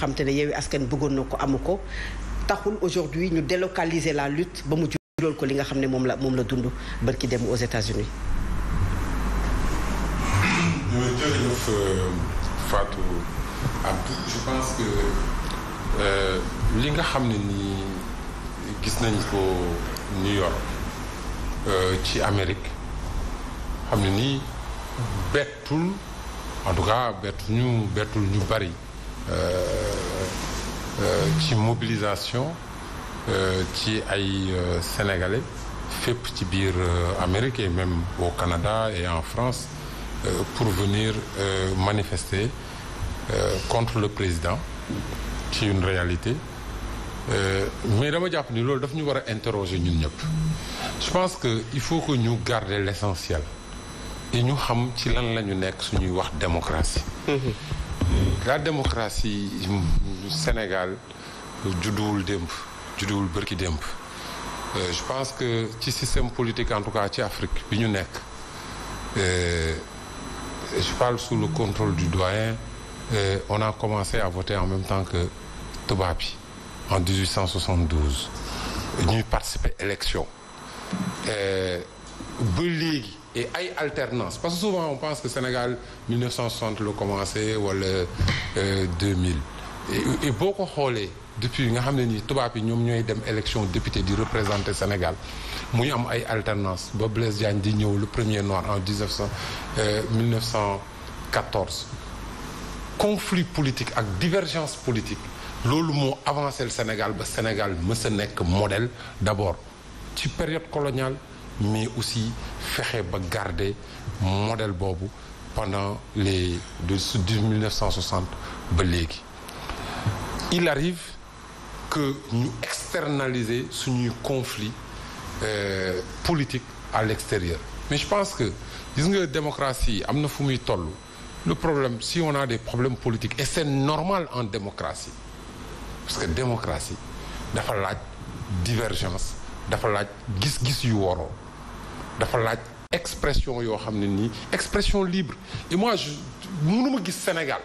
xam te ne Yewwi Askan bëggoon na ko amu ko taxul aujourd'hui ñu délocaliser la lutte ba mu jural ko li nga xam ne moom la moom la dund barki dem aux États-Unis euh, euh, nga xam ne nii gis nañ ko New euh, ci Amérique xam ne nii en tout cas bettul Euh, euh, ci mobilisation euh, ci ay sénégalais fépp ci biir Amérique et même au Canada et en France pour venir manifester contre le président ci une réalité mais dama jàpp ni loolu daf ñu war a interroger ñun ñëpp je pense que il faut que ñu garder l'essentiel et ñu xam ci lan la ñu nekk suñuy wax démocratie mm-hmm. la démocratie Sénégal judduwul démb judduwul bërki démb euh, je pense que ci système politique en tout cas ci Afrique bi ñu nekk euh, je parle sous le contrôle du doyen euh, on a commencé à voter en même temps que tubaab bi en 1872 ñuy participer élection ba léegi et ay alternance parce que souvent on pense que Sénégal 1960 la commencé wala 2000 euh, et boo ko xoolee depuis nga xam ne nii tubaab yi ñoom ñooy dem élection député di représenter Sénégal muy am ay alternance ba Blaise Diagne di ñëw lu premier noir en 1900 1914 euh, conflit politique ak divergence politique loolu moo avancé le Sénégal ba Sénégal mës a nekk modèle d'abord ci période coloniale mais aussi fexe ba garde modèle boobu pendant les de du 1960 ba léegi il arrive que ñu externaliser suñuy conflit euh, politique à l'extérieur mais je pense que gis nga démocratie am na fu muy toll le problème si on a des problèmes politiques et c'est normal en démocratie parce que démocratie dafa laaj divergence dafa laaj gis-gis yu waroo dafa laaj expression yoo xam ne nii expression libre et moi je mënuma gis Sénégal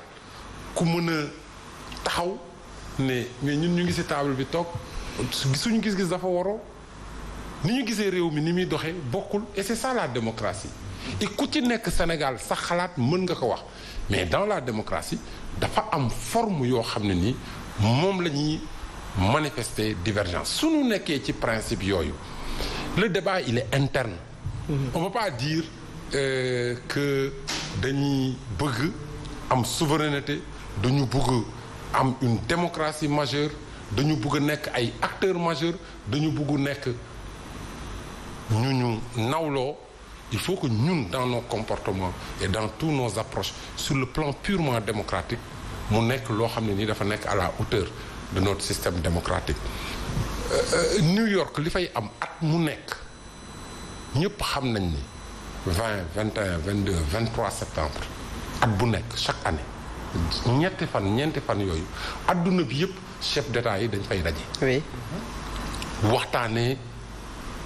ku mën a taxaw ne mais ñun ñu ngi ci table bi toog suñu gis-gis dafa waroo ni ñu gisee réew mi ni muy doxee bokkul et c'est ça la démocratie et ku ci nekk Sénégal sa xalaat mën nga ko wax mais dans la démocratie dafa am forme yoo xam ne nii moom la ñuy manifester divergence suñu nekkee ci principe yooyu le débat il est interne on ne peut pas dire euh, que dañuy bëgg am souveraineté dañu bëgg am une démocratie majeure dañu bëgg nekk ay acteurs majeurs dañu bëgg nekk ñu ñu nawloo il faut que ñun dans nos comportements et dans tous nos approches sur le plan purement démocratique mu nekk loo xam ne nii dafa nekk à la hauteur de notre système démocratique euh, euh New York li fay am at mu nekk ñëpp xam nañ ni vingt 21 22 23 septembre at bu nekk chaque année ñetti fan ñeenti fan yooyu adduna bi yëpp chef d'état yi dañ fay daje. waxtaanee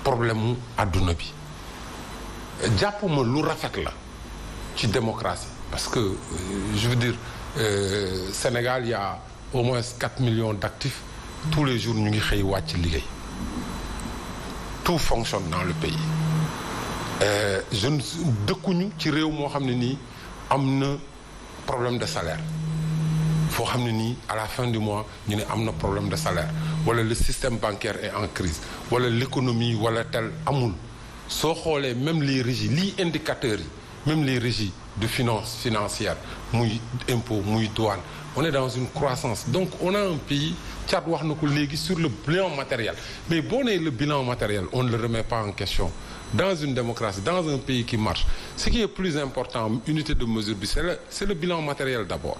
problème adduna bi jàppuma lu rafet la ci démocratie parce que euh, je veux dire euh, Sénégal y au moins quatre millions d'actifs tous les jours ñu ngi xëy wàcc liggéey tout fonctionne dans le pays. Euh, jeune dëkkuñu ci réew moo xam ne nii am na problème de salaire foo xam ne nii à la du mois ñu ne am na problème de salaire wala le système bancaire est en crise wala l'économie wala tel amul soo xoolee même les régies lii indicateurs yi même les régies de finances financières muy impôt muy douane on est dans une croissance donc on a un pays Tchad wax na ko léegi sur le bilan matériel mais boo nee le bilan matériel on ne le remet pas en question dans une démocratie dans un pays qui marche ce qui est plus important unité de mesure bi c'est le bilan matériel d'abord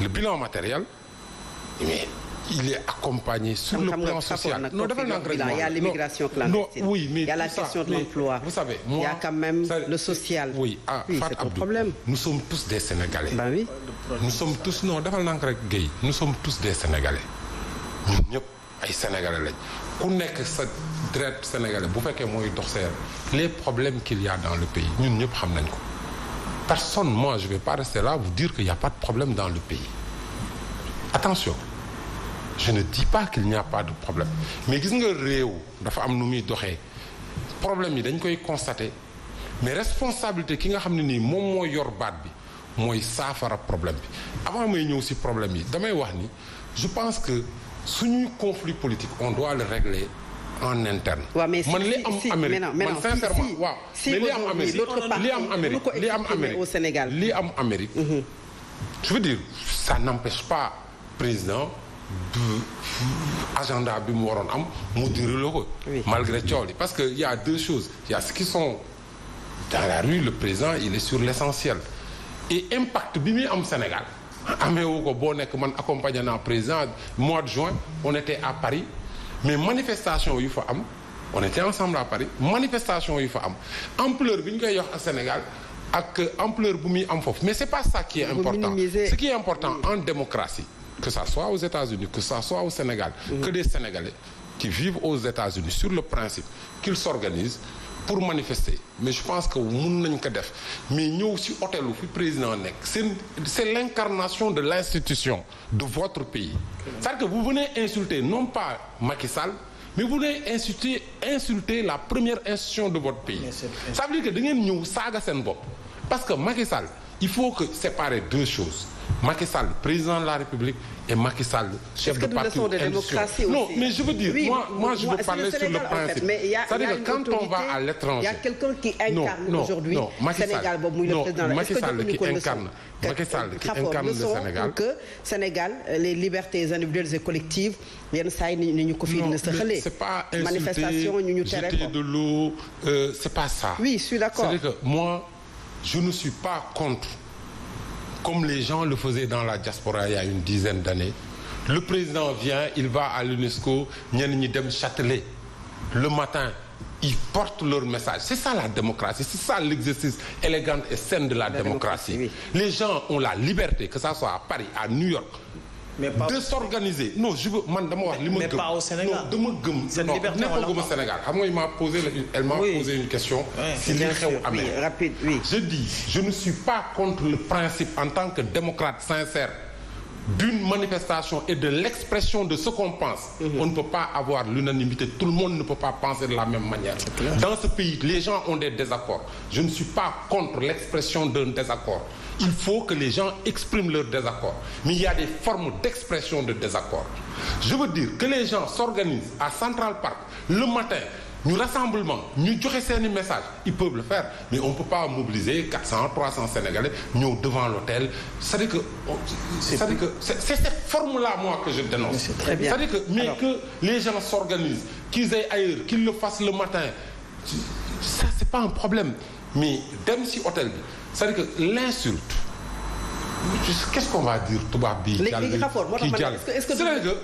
le bilan matériel mais il est accompagné sur le plan social. non dafa nank rek il y a l'immigration clandestine. non oui mais la question de l'emploi. vous savez moi il y a quand même le social. oui ah Fat nous sommes tous des Sénégalais. bah oui. nous sommes tous non dafa nank rek Guèye nous sommes tous des Sénégalais ñun ñëpp ay Sénégalais lañ ku sa deret Sénégalais bu fekkee mooy dox seer les problèmes qu'il y a dans le pays ñun ñëpp xam nañ ko personne moi je vais pas rester là vous dire qu'il y a pas de problème dans le pays attention. je ne dis pas qu'il n'y a pas de problème mais gis nga réew dafa am nu muy doxee problème yi dañ koy constater mais responsabilité ki nga xam ne nii moom moo yor baat bi mooy saafara problème bi avant may ñëw si problème yi damay wax ni je pense que suñuy conflit politique on doit le régler en interne. waaw mais si man li am Amérique man sincèrement waaw mais li am Amérique li am Amérique li am Amérique au Sénégal li am Amérique. Mm-hmm. je veux dire ça n'empêche pas président. du agenda bi mu waroon am mu déroulé ko malgré coow li parce que y a deux choses il y a ce qui sont dans la rue le président il est sur l'essentiel et impact bi muy am Sénégal ameewu ko boo nekk man accompagné naa président mois de juin on était à Paris mais manifestation yu fa am on était ensemble à Paris manifestation yu fa am ampleur bi ñu koy yox ak Sénégal ak ampleur bu muy am foofu mais c'est pas ça qui est important ce qui est important en démocratie que ça soit aux États-Unis que ça soit au Sénégal mm -hmm. que des Sénégalais qui vivent aux États-Unis sur le principe qu'ils s'organisent pour manifester mais je pense que mun nañ ko def mais ñëw si hôtelu fi président nekk seen c' est de l' institution de votre pays cest que vous venez insulter non pas Macky Sall mais vous venez insulter insulter la première institution de votre pays ça veut dire que da ngeen ñëw saaga seen bopp parce que Macky il faut que séparer deux choses Macky Sall président de la République et Macky Sall chef de parti ou démocratie aussi non mais dire quand on va à l'étranger il y a quelqu'un qui incarne aujourd'hui Sénégal boobu muy le président Macky Sall qui incarne Macky Sall qui que Sénégal les libertés individuelles et collectives yenn saa yi ñu ko c'est pas manifestation ñu ñu euh, c'est pas ça oui je suis d'accord je ne suis pas contre, comme les gens le faisaient dans la diaspora il y a une dizaine d'années. Le président vient, il va à l'UNESCO, Dem Châtelet. Le matin, ils portent leur message. C'est ça la démocratie, c'est ça l'exercice élégant et sain de la, la démocratie. démocratie oui. Les gens ont la liberté, que ce soit à Paris, à New York, mais pas de s'organiser non je veux man dama wax li ma gëm mais pas au Sénégal non dama gëm. seen liberté non nekkaguma Sénégal xam nga il m'a posé la elle m'a posé une question. si li xew amee rapide oui. je dis je ne suis pas contre le principe en tant que démocrate sincère. d'une manifestation et de l'expression de ce qu'on pense, mhm. on ne peut pas avoir l'unanimité. Tout le monde ne peut pas penser de la même manière. Dans ce pays, les gens ont des désaccords. Je ne suis pas contre l'expression d'un désaccord. Il faut que les gens expriment leur désaccord. Mais il y a des formes d'expression de désaccord. Je veux dire que les gens s'organisent à Central Park le matin. ñu rassemblement ñu joxe seeni message ils peuvent le faire mais on peut pas mobiliser 400 300 sénégalais ñëw devant l'hôtel c'est-à-dire que c'est-à-dire que c'est cette forme là moi que je dénonce c'est-à-dire que mais Alors, que les gens s'organisent qu'ils aillent ailleurs qu'ils le fassent le matin c'est pas un problème mais dem ci hôtel bi c'est-à-dire que l'insulte qu'est-ce qu'on va dire tubaab bi. léegi léegi xafoor moo tax ma ne est-ce que euh,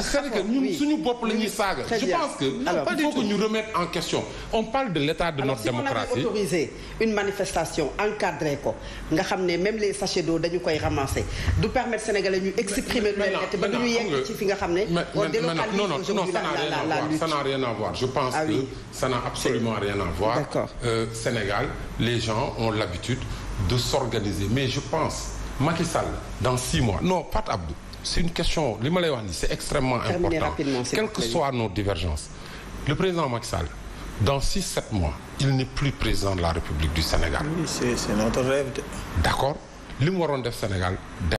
c'est que ñun suñu bopp la ñuy saaga. je pense que il faut que ñu remettre en question on parle de l'état de notre démocratie. si on avait autorisé une manifestation encadré ko nga xam ne même les sachets d'eau dañu koy ramasser du permettre Sénégalais ñu exprimer lu leen metti ba du ñu yegg ci fi nga xam ne. on délocalise non non non ça n'a rien à voir ça n'a rien à voir je pense ah que ça n'a absolument rien à voir. Euh, Sénégal les gens ont l'habitude de s'organiser mais je pense Macky Sall dans six mois non Pape Abdou c'est une question li ma lay wax ni c'est extrêmement important quelles que soient nos divergences le président Macky Sall dans six sept mois il n'est plus président de la République du Sénégal. oui c'est c'est notre d'accord li mu waroon def Sénégal.